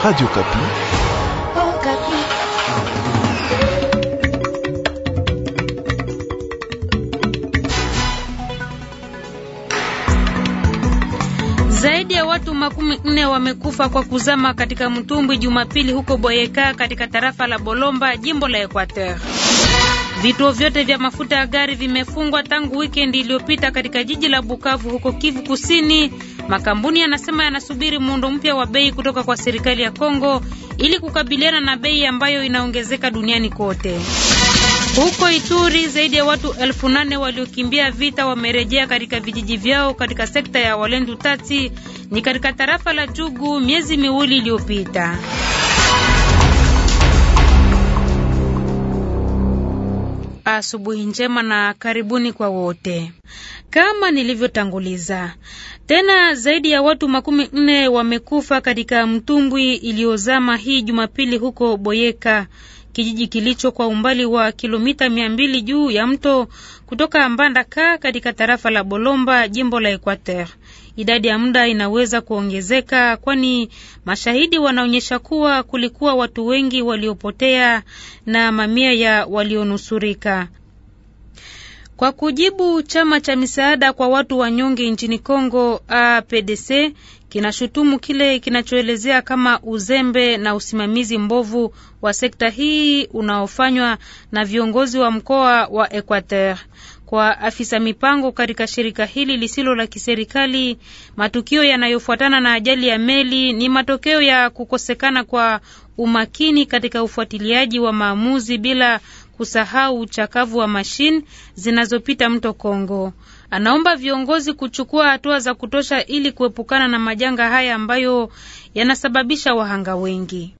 Radio Kapi. Oh, Kapi. Zaidi ya watu makumi nne wamekufa kwa kuzama katika mtumbwi Jumapili huko Boyeka katika tarafa la Bolomba, jimbo la Equateur. Vituo vyote vya mafuta ya gari vimefungwa tangu wikendi iliyopita katika jiji la Bukavu huko Kivu Kusini Makampuni yanasema yanasubiri muundo mpya wa bei kutoka kwa serikali ya Kongo ili kukabiliana na bei ambayo inaongezeka duniani kote. Huko Ituri zaidi ya watu elfu nane waliokimbia vita wamerejea katika vijiji vyao katika sekta ya Walendu Tati ni katika tarafa la Jugu miezi miwili iliyopita. asubuhi njema na karibuni kwa wote. Kama nilivyotanguliza tena, zaidi ya watu makumi nne wamekufa katika mtumbwi iliyozama hii Jumapili huko Boyeka, kijiji kilicho kwa umbali wa kilomita mia mbili juu ya mto kutoka Mbandaka katika tarafa la Bolomba, jimbo la Equateur idadi ya muda inaweza kuongezeka, kwani mashahidi wanaonyesha kuwa kulikuwa watu wengi waliopotea na mamia ya walionusurika. Kwa kujibu, chama cha misaada kwa watu wanyonge nchini congo APDC kinashutumu kile kinachoelezea kama uzembe na usimamizi mbovu wa sekta hii unaofanywa na viongozi wa mkoa wa Equateur. Kwa afisa mipango katika shirika hili lisilo la kiserikali, matukio yanayofuatana na ajali ya meli ni matokeo ya kukosekana kwa umakini katika ufuatiliaji wa maamuzi bila kusahau uchakavu wa mashine zinazopita mto Kongo. Anaomba viongozi kuchukua hatua za kutosha ili kuepukana na majanga haya ambayo yanasababisha wahanga wengi.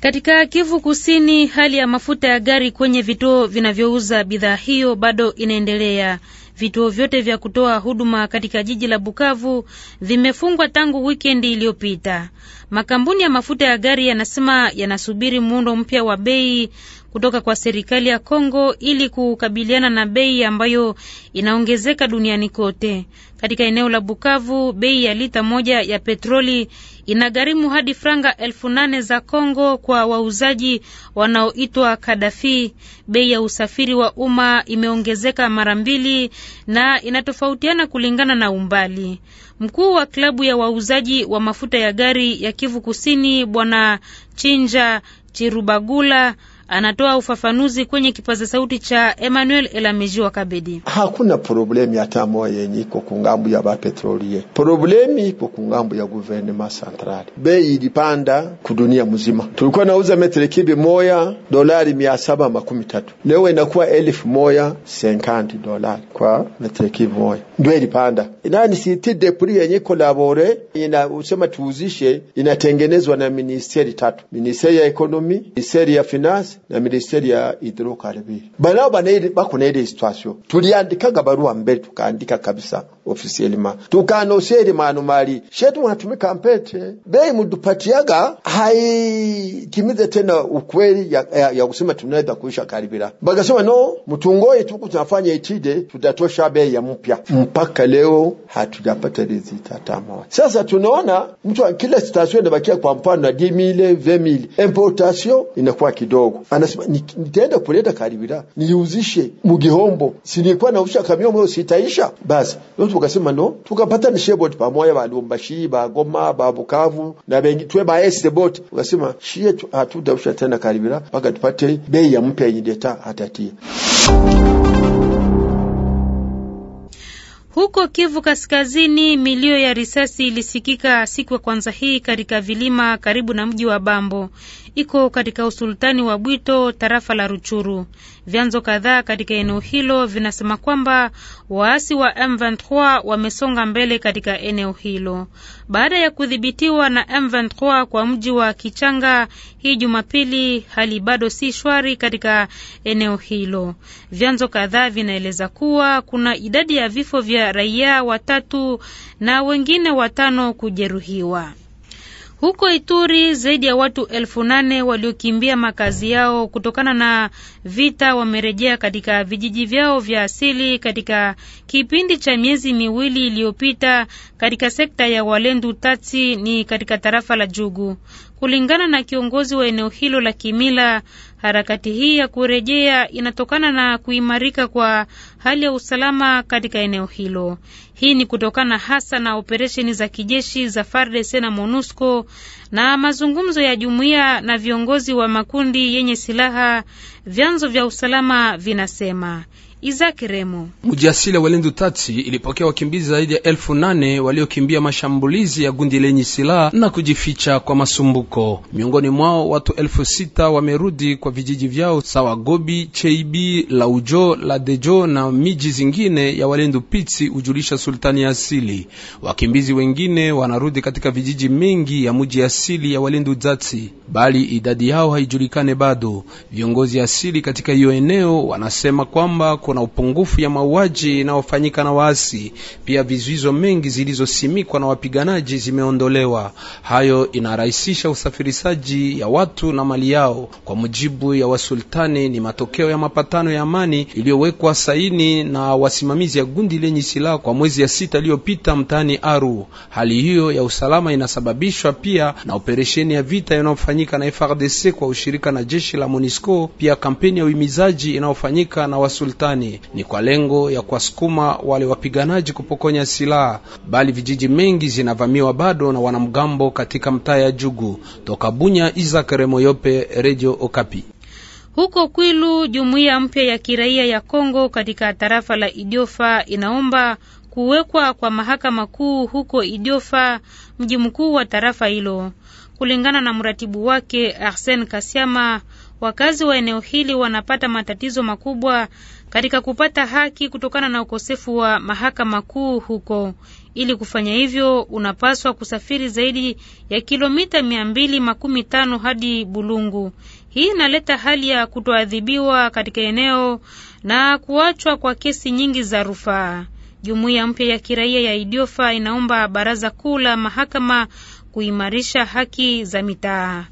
Katika Kivu Kusini, hali ya mafuta ya gari kwenye vituo vinavyouza bidhaa hiyo bado inaendelea. Vituo vyote vya kutoa huduma katika jiji la Bukavu vimefungwa tangu wikendi iliyopita. Makampuni ya mafuta ya gari yanasema yanasubiri muundo mpya wa bei kutoka kwa serikali ya Kongo ili kukabiliana na bei ambayo inaongezeka duniani kote. Katika eneo la Bukavu, bei ya lita moja ya petroli inagharimu hadi franga elfu nane za Kongo kwa wauzaji wanaoitwa Kadafi. Bei ya usafiri wa umma imeongezeka mara mbili na inatofautiana kulingana na umbali. Mkuu wa klabu ya wauzaji wa mafuta ya gari ya Kivu Kusini Bwana Chinja Chirubagula anatoa ufafanuzi kwenye kipaza sauti cha Emmanuel Elamiji wa Kabedi. Hakuna problemi hata moya yenye iko kungambu ya bapetrolie, problemi iko kungambu ya guvernema centrali. Bei ilipanda kudunia mzima, tulikuwa nauza metre kibi moya dolari mia saba makumi tatu, leo inakuwa elfu moya senkanti dolari kwa metri kibi moya, ndio ilipanda. Nani siti depuri yenye ina usema tuuzishe, inatengenezwa na ministeri tatu, ministeri ya ekonomi, ministeri ya finansi na ministeri ya hidrokariburi. Banao banaile bako naile situation, tuliandikaga barua mbele, tukaandika kabisa ofisieli ma tukanoseli manu mali shetu wanatumika mpete bei mudupatiaga haitimize tena ukweli ya, ya, ya kusema tunaweza kuisha karibira, bagasema no, mtungoye tuku tunafanya itide tutatosha bei ya mpya. Mpaka leo hatujapata rezita hata Sasa tunaona mtu kila station inabakia kwa mfano na 10000 20000 importation inakuwa kidogo anasema nitaenda kuleta karibira niuzishe mugihombo sinikuwa nausha kamiomo sitaisha basi ndo tukasema no tukapata shebot pamoja ba Lubumbashi ba Goma ba Bukavu na bengi twe ba Estebot ukasema shie usha tena karibira mpaka tupate bei ya mpya yenye deta hatatia Huko Kivu Kaskazini, milio ya risasi ilisikika siku ya kwanza hii katika vilima karibu na mji wa Bambo iko katika usultani wa Bwito, tarafa la Ruchuru. Vyanzo kadhaa katika eneo hilo vinasema kwamba waasi wa M23 wamesonga mbele katika eneo hilo baada ya kudhibitiwa na M23 kwa mji wa Kichanga hii Jumapili. Hali bado si shwari katika eneo hilo. Vyanzo kadhaa vinaeleza kuwa kuna idadi ya vifo vya raia watatu na wengine watano kujeruhiwa. Huko Ituri zaidi ya watu elfu nane waliokimbia makazi yao kutokana na vita wamerejea katika vijiji vyao vya asili katika kipindi cha miezi miwili iliyopita katika sekta ya Walendu Tati ni katika tarafa la Jugu. Kulingana na kiongozi wa eneo hilo la kimila, Harakati hii ya kurejea inatokana na kuimarika kwa hali ya usalama katika eneo hilo. Hii ni kutokana hasa na operesheni za kijeshi za FARDC e na MONUSCO na mazungumzo ya jumuiya na viongozi wa makundi yenye silaha, vyanzo vya usalama vinasema. Isaac Remo. Mji asili Walendu Tati ilipokea wakimbizi zaidi ya elfu nane waliokimbia mashambulizi ya gundi lenye silaha na kujificha kwa masumbuko. Miongoni mwao watu elfu sita wamerudi kwa vijiji vyao sawa Gobi, Cheibi, Laujo, Ladejo na miji zingine ya Walendu Pitsi, hujulisha sultani ya asili. Wakimbizi wengine wanarudi katika vijiji mengi ya mji asili ya Walendu Tati, bali idadi yao haijulikane bado. Viongozi asili katika hiyo eneo wanasema kwamba na upungufu ya mauaji inayofanyika na waasi. Pia vizuizo mengi zilizosimikwa na wapiganaji zimeondolewa. Hayo inarahisisha usafirishaji ya watu na mali yao. Kwa mujibu ya wasultani, ni matokeo ya mapatano ya amani iliyowekwa saini na wasimamizi ya gundi lenye silaha kwa mwezi ya sita iliyopita mtaani Aru. Hali hiyo ya usalama inasababishwa pia na operesheni ya vita inayofanyika na frdc kwa ushirika na jeshi la MONUSCO, pia kampeni ya uhimizaji inayofanyika na wasultani amani ni kwa lengo ya kuwasukuma wale wapiganaji kupokonya silaha, bali vijiji mengi zinavamiwa bado na wanamgambo katika mtaa ya Jugu. Toka Bunya, Isaac Remoyope, Radio Okapi. Huko Kwilu, jumuiya mpya ya kiraia ya Kongo katika tarafa la Idiofa inaomba kuwekwa kwa mahakama kuu huko Idiofa, mji mkuu wa tarafa hilo. Kulingana na mratibu wake Arsen Kasiama, wakazi wa eneo hili wanapata matatizo makubwa katika kupata haki kutokana na ukosefu wa mahakama kuu huko. Ili kufanya hivyo, unapaswa kusafiri zaidi ya kilomita mia mbili makumi tano hadi Bulungu. Hii inaleta hali ya kutoadhibiwa katika eneo na kuachwa kwa kesi nyingi za rufaa. Jumuiya mpya ya kiraia ya Idiofa inaomba baraza kuu la mahakama kuimarisha haki za mitaa.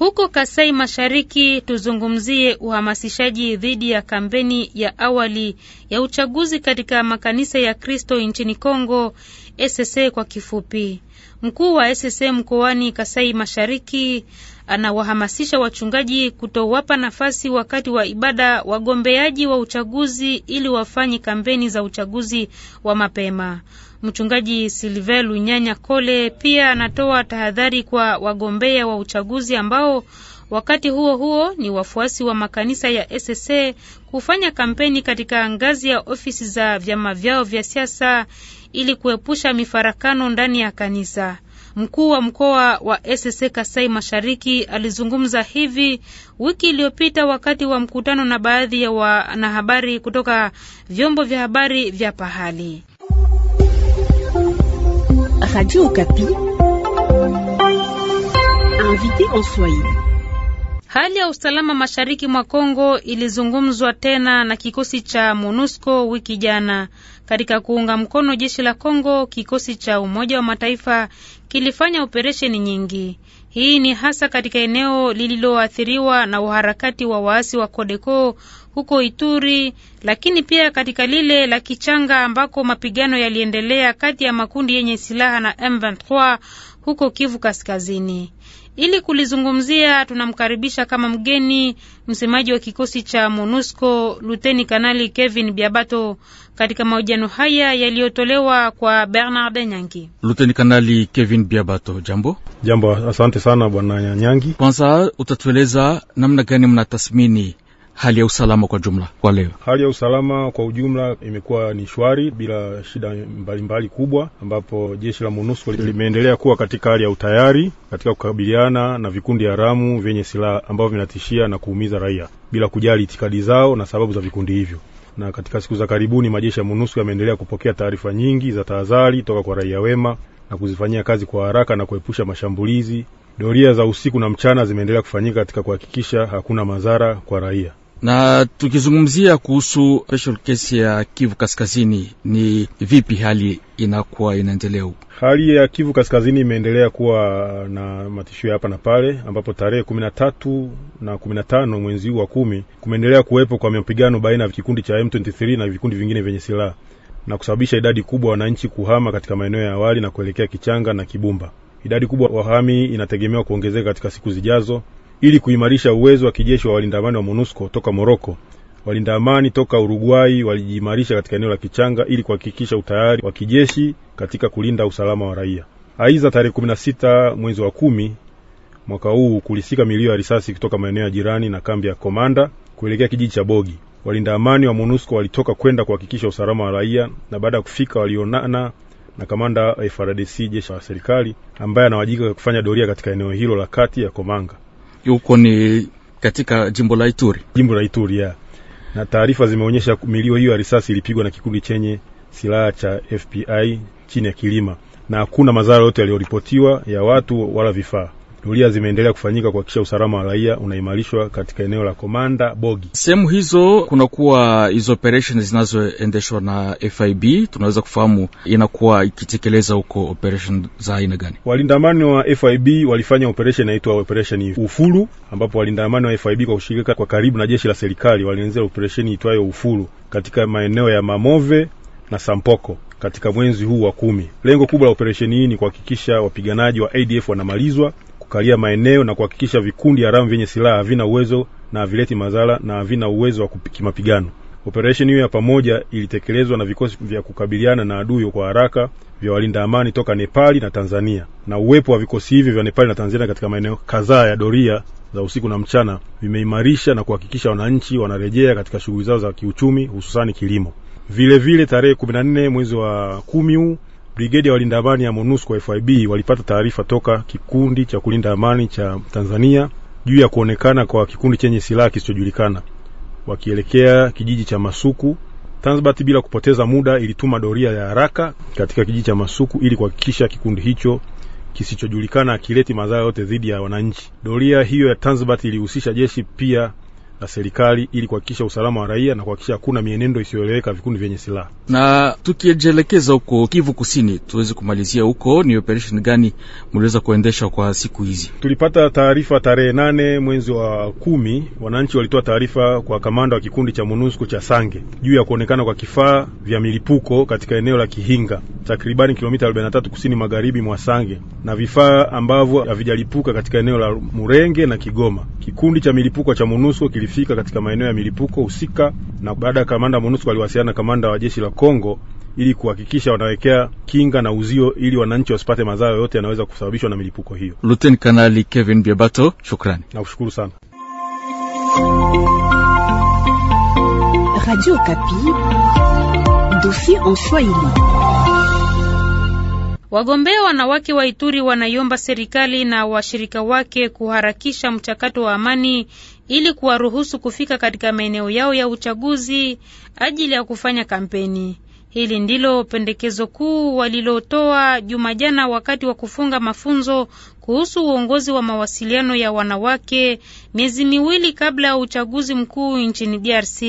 Huko Kasai Mashariki tuzungumzie uhamasishaji dhidi ya kampeni ya awali ya uchaguzi katika makanisa ya Kristo nchini Kongo SSA kwa kifupi. Mkuu wa SSA mkoani Kasai Mashariki anawahamasisha wachungaji kutowapa nafasi wakati wa ibada wagombeaji wa uchaguzi ili wafanye kampeni za uchaguzi wa mapema. Mchungaji Silve Lunyanya Kole pia anatoa tahadhari kwa wagombea wa uchaguzi ambao wakati huo huo ni wafuasi wa makanisa ya SSA kufanya kampeni katika ngazi ya ofisi za vyama vyao vya siasa ili kuepusha mifarakano ndani ya kanisa. Mkuu wa mkoa wa ss Kasai Mashariki alizungumza hivi wiki iliyopita wakati wa mkutano na baadhi ya wanahabari kutoka vyombo vya habari vya pahali. Hali ya usalama mashariki mwa Kongo ilizungumzwa tena na kikosi cha MONUSCO wiki jana katika kuunga mkono jeshi la Kongo, kikosi cha Umoja wa Mataifa kilifanya operesheni nyingi. Hii ni hasa katika eneo lililoathiriwa na uharakati wa waasi wa Kodeko huko Ituri, lakini pia katika lile la Kichanga ambako mapigano yaliendelea kati ya makundi yenye silaha na M23 huko Kivu Kaskazini. Ili kulizungumzia tunamkaribisha kama mgeni msemaji wa kikosi cha MONUSCO Luteni Kanali Kevin Biabato katika mahojiano haya yaliyotolewa kwa Bernard Nyangi. Luteni Kanali Kevin Biabato, jambo. Jambo, asante sana bwana Nyangi. Kwanza utatueleza namna gani mnatathmini hali ya usalama kwa jumla kwa leo? Hali ya usalama kwa ujumla imekuwa ni shwari bila shida mbalimbali mbali kubwa, ambapo jeshi la MONUSCO limeendelea kuwa katika hali ya utayari katika kukabiliana na vikundi haramu vyenye silaha ambavyo vinatishia na kuumiza raia bila kujali itikadi zao na sababu za vikundi hivyo na katika siku za karibuni majeshi ya MONUSCO yameendelea kupokea taarifa nyingi za tahadhari toka kwa raia wema na kuzifanyia kazi kwa haraka na kuepusha mashambulizi. Doria za usiku na mchana zimeendelea kufanyika katika kuhakikisha hakuna madhara kwa raia. Na tukizungumzia kuhusu special case ya Kivu Kaskazini, ni vipi hali inakuwa inaendelea Hali ya Kivu Kaskazini imeendelea kuwa na matishio hapa na pale, ambapo tarehe kumi na tatu na kumi na tano mwezi huu wa kumi kumeendelea kuwepo kwa mapigano baina ya kikundi cha M23 na vikundi vingine vyenye silaha na kusababisha idadi kubwa wananchi kuhama katika maeneo ya awali na kuelekea Kichanga na Kibumba. Idadi kubwa wahami inategemewa kuongezeka katika siku zijazo, ili kuimarisha uwezo wa kijeshi wa walinda amani wa MONUSCO toka Moroko. Walinda amani toka Uruguay walijiimarisha katika eneo la Kichanga ili kuhakikisha utayari wa kijeshi katika kulinda usalama wa raia. Aidha, tarehe 16 mwezi wa kumi mwaka huu kulisika milio ya risasi kutoka maeneo ya jirani na kambi ya Komanda kuelekea kijiji cha Bogi. Walinda amani wa MONUSCO walitoka kwenda kuhakikisha usalama wa raia, na baada ya kufika walionana na kamanda wa jeshi la serikali ambaye anawajika kufanya doria katika eneo hilo la kati ya Komanga. Huko ni katika jimbo la Ituri, jimbo la Ituri ya. Na taarifa zimeonyesha milio hiyo ya risasi ilipigwa na kikundi chenye silaha cha FPI chini ya kilima, na hakuna madhara yote yaliyoripotiwa ya watu wala vifaa. Doria zimeendelea kufanyika kuhakikisha usalama wa raia unaimarishwa katika eneo la Komanda Bogi. Sehemu hizo kunakuwa hizo operations zinazoendeshwa na FIB, tunaweza kufahamu inakuwa ikitekeleza huko operation za aina gani? Walindamani wa FIB walifanya operation inaitwa operation Ufuru, ambapo walindamani wa FIB kwa kushirika kwa karibu na jeshi la serikali walianzia operation itwayo Ufuru katika maeneo ya Mamove na Sampoko katika mwezi huu wa kumi. Lengo kubwa la operesheni hii ni kuhakikisha wapiganaji wa ADF wanamalizwa kukalia maeneo na kuhakikisha vikundi haramu vyenye silaha havina uwezo na havileti madhara na havina uwezo wa kimapigano. Operesheni hiyo ya pamoja ilitekelezwa na vikosi vya kukabiliana na adui kwa haraka vya walinda amani toka Nepali na Tanzania, na uwepo wa vikosi hivi vya Nepali na Tanzania katika maeneo kadhaa ya doria za usiku na mchana vimeimarisha na kuhakikisha wananchi wanarejea katika shughuli zao za kiuchumi, hususani kilimo. Vilevile, tarehe 14 mwezi wa kumi huu Brigedi ya walinda amani ya MONUSCO FIB walipata taarifa toka kikundi cha kulinda amani cha Tanzania juu ya kuonekana kwa kikundi chenye silaha kisichojulikana wakielekea kijiji cha Masuku. Tanzbat bila kupoteza muda ilituma doria ya haraka katika kijiji cha Masuku ili kuhakikisha kikundi hicho kisichojulikana akileti madhara yote dhidi ya wananchi. Doria hiyo ya Tanzbat ilihusisha jeshi pia la serikali ili kuhakikisha usalama wa raia na kuhakikisha hakuna mienendo isiyoeleweka vikundi vyenye silaha. Na tukijelekeza huko Kivu Kusini, tuweze kumalizia huko, ni operation gani mliweza kuendesha kwa siku hizi? Tulipata taarifa tarehe nane mwezi wa kumi, wananchi walitoa taarifa kwa kamanda wa kikundi cha MONUSCO cha Sange juu ya kuonekana kwa kifaa vya milipuko katika eneo la Kihinga takribani kilomita 43 kusini magharibi mwa Sange na vifaa ambavyo havijalipuka katika eneo la Murenge na Kigoma. Kikundi cha milipuko cha MONUSCO kili walifika katika maeneo ya milipuko husika, na baada ya kamanda MONUSCO aliwasiliana na kamanda wa jeshi la Kongo ili kuhakikisha wanawekea kinga na uzio ili wananchi wasipate madhara yote yanaweza kusababishwa na milipuko hiyo. Luteni Kanali Kevin Biabato, shukrani na kushukuru sana Radio Kapi, dosi en Swahili. Wagombea wanawake wa Ituri wanaiomba serikali na washirika wake kuharakisha mchakato wa amani ili kuwaruhusu kufika katika maeneo yao ya uchaguzi ajili ya kufanya kampeni. Hili ndilo pendekezo kuu walilotoa juma jana wakati wa kufunga mafunzo kuhusu uongozi wa mawasiliano ya wanawake miezi miwili kabla ya uchaguzi mkuu nchini DRC.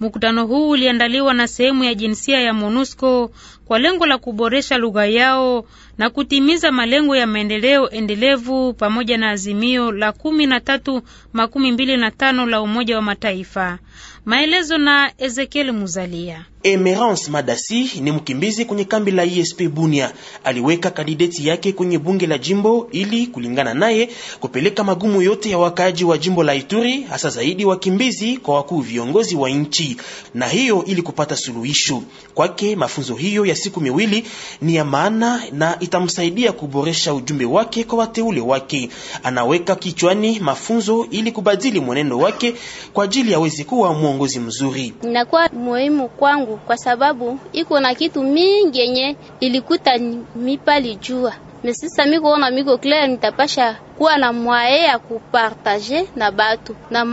Mkutano huu uliandaliwa na sehemu ya jinsia ya MONUSCO kwa lengo la kuboresha lugha yao na kutimiza malengo ya maendeleo endelevu pamoja na azimio la 1325 la Umoja wa Mataifa. Maelezo na Ezekiel Muzalia. Emerance Madasi ni mkimbizi kwenye kambi la ISP e Bunia. Aliweka kandideti yake kwenye bunge la jimbo ili kulingana naye kupeleka magumu yote ya wakaaji wa jimbo la Ituri, hasa zaidi wakimbizi kwa wakuu viongozi wa nchi, na hiyo ili kupata suluhisho. Kwake mafunzo hiyo ya siku miwili ni ya maana na itamsaidia kuboresha ujumbe wake kwa wateule wake. Anaweka kichwani mafunzo ili kubadili mwenendo wake kwa ajili aweze kuwa mwongozi mzuri. Inakuwa muhimu kwangu yangu, kwa sababu iko na kitu mingi yenye ilikuta mipali jua mesisa ona miko clear nitapasha kuwa na mwae ya kupartaje na batu na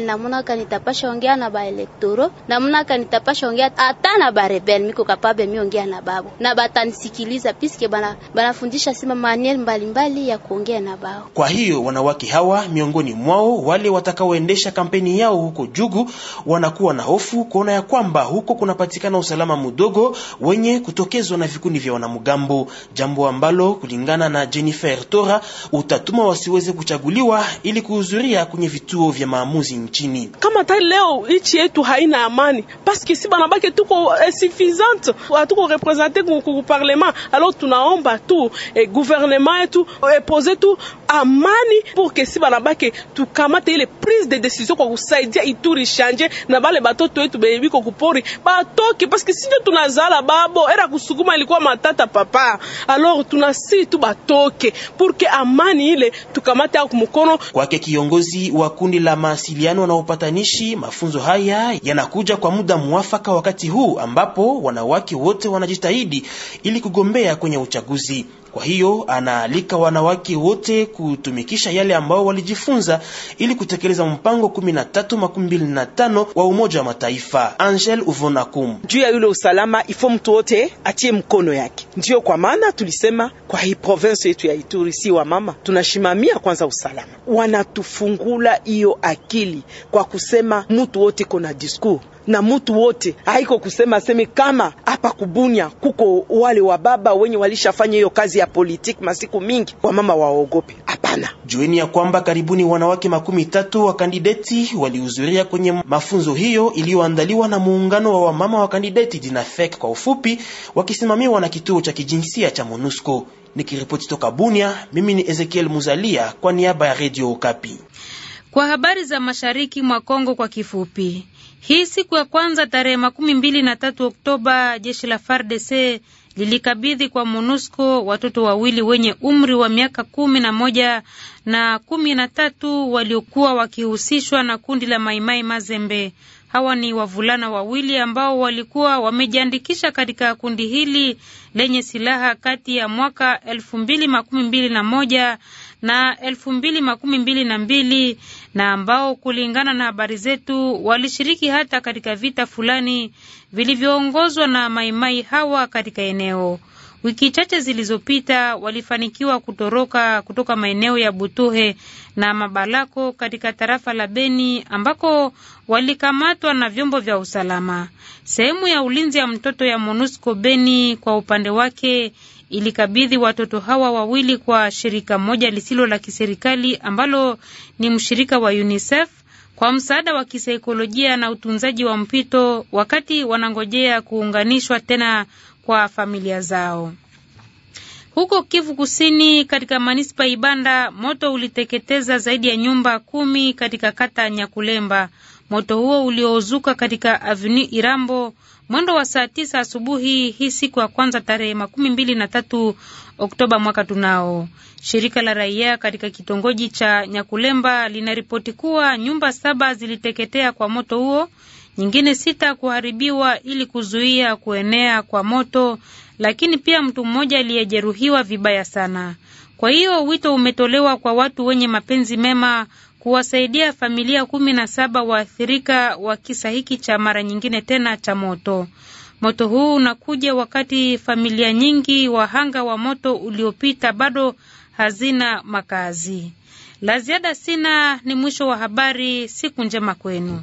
na muna kanitapasha ongea na baelektoro, muna kanitapasha ongea ata na barebel, miko kapabe miongea na babo na batanisikiliza piske bana banafundisha sima maniel mbalimbali mbali ya kuongea na babo. Kwa hiyo wanawake hawa miongoni mwao wale watakaoendesha kampeni yao huko Jugu wanakuwa na hofu kuona ya kwamba huko kunapatikana usalama mdogo wenye kutokezwa na vikundi vya wanamgambo, jambo ambalo kulingana na Jennifer Tora utatuma wa wasiweze kuchaguliwa ili kuhudhuria kwenye vituo vya maamuzi nchini. Kama ta leo nchi yetu haina amani paske si banabake tuko insuffisante eh, hatuko represente ku parlement. Alors tunaomba tu eh, gouvernement yetu epose eh, tu amani porque si banabake tukamate ile prise de decision kwa kusaidia Ituri shanje na bale batoto wetu bebiko kupori batoke paske sinjo tunazala babo era kusukuma ilikuwa matata papa. Alors tunasi tu batoke porque amani ile tukamata mkono kwake. Kiongozi wa kundi la mawasiliano na upatanishi, mafunzo haya yanakuja kwa muda mwafaka, wakati huu ambapo wanawake wote wanajitahidi ili kugombea kwenye uchaguzi. Kwa hiyo anaalika wanawake wote kutumikisha yale ambao walijifunza ili kutekeleza mpango 1325 wa Umoja wa Mataifa. Angel Uvonakum: juu ya yule usalama ifo mtu wote atie mkono yake. Ndiyo kwa maana tulisema kwa hii province yetu ya Ituri, si wa mama tunashimamia kwanza usalama, wanatufungula hiyo akili kwa kusema mtu wote kona discours na mutu wote, haiko kusema seme kama hapa kubunya kuko wale wa baba wenye walishafanya hiyo kazi ya politiki masiku mingi, mama waogope. Hapana, jueni ya kwamba karibuni wanawake makumi tatu wa kandideti walihudhuria kwenye mafunzo hiyo iliyoandaliwa na muungano wa wamama wa kandideti Dinafek kwa ufupi, wakisimamiwa na kituo cha kijinsia cha MONUSCO. Nikiripoti toka Bunia, mimi ni Ezekiel Muzalia kwa niaba ya Radio Okapi. Kwa habari za mashariki mwa Kongo kwa kifupi, hii siku ya kwanza tarehe makumi mbili na tatu Oktoba, jeshi la FARDC lilikabidhi kwa MONUSCO watoto wawili wenye umri wa miaka kumi na moja na kumi na tatu waliokuwa wakihusishwa na kundi la Maimai Mazembe. Hawa ni wavulana wawili ambao walikuwa wamejiandikisha katika kundi hili lenye silaha kati ya mwaka elfu mbili makumi mbili na moja na elfu mbili makumi mbili na mbili na ambao kulingana na habari zetu walishiriki hata katika vita fulani vilivyoongozwa na maimai hawa katika eneo Wiki chache zilizopita walifanikiwa kutoroka kutoka maeneo ya Butuhe na Mabalako katika tarafa la Beni ambako walikamatwa na vyombo vya usalama. Sehemu ya ulinzi ya mtoto ya MONUSCO Beni kwa upande wake ilikabidhi watoto hawa wawili kwa shirika moja lisilo la kiserikali ambalo ni mshirika wa UNICEF kwa msaada wa kisaikolojia na utunzaji wa mpito wakati wanangojea kuunganishwa tena kwa familia zao. Huko Kivu Kusini, katika manispa Ibanda, moto uliteketeza zaidi ya nyumba kumi katika kata Nyakulemba. Moto huo uliozuka katika aveni Irambo mwendo wa saa tisa asubuhi hii siku ya kwanza tarehe makumi mbili na tatu Oktoba mwaka tunao. Shirika la raia katika kitongoji cha Nyakulemba linaripoti kuwa nyumba saba ziliteketea kwa moto huo, nyingine sita kuharibiwa ili kuzuia kuenea kwa moto, lakini pia mtu mmoja aliyejeruhiwa vibaya sana. Kwa hiyo wito umetolewa kwa watu wenye mapenzi mema kuwasaidia familia kumi na saba waathirika wa kisa hiki cha mara nyingine tena cha moto. Moto huu unakuja wakati familia nyingi wahanga wa moto uliopita bado hazina makazi. La ziada sina. Ni mwisho wa habari. Siku njema kwenu.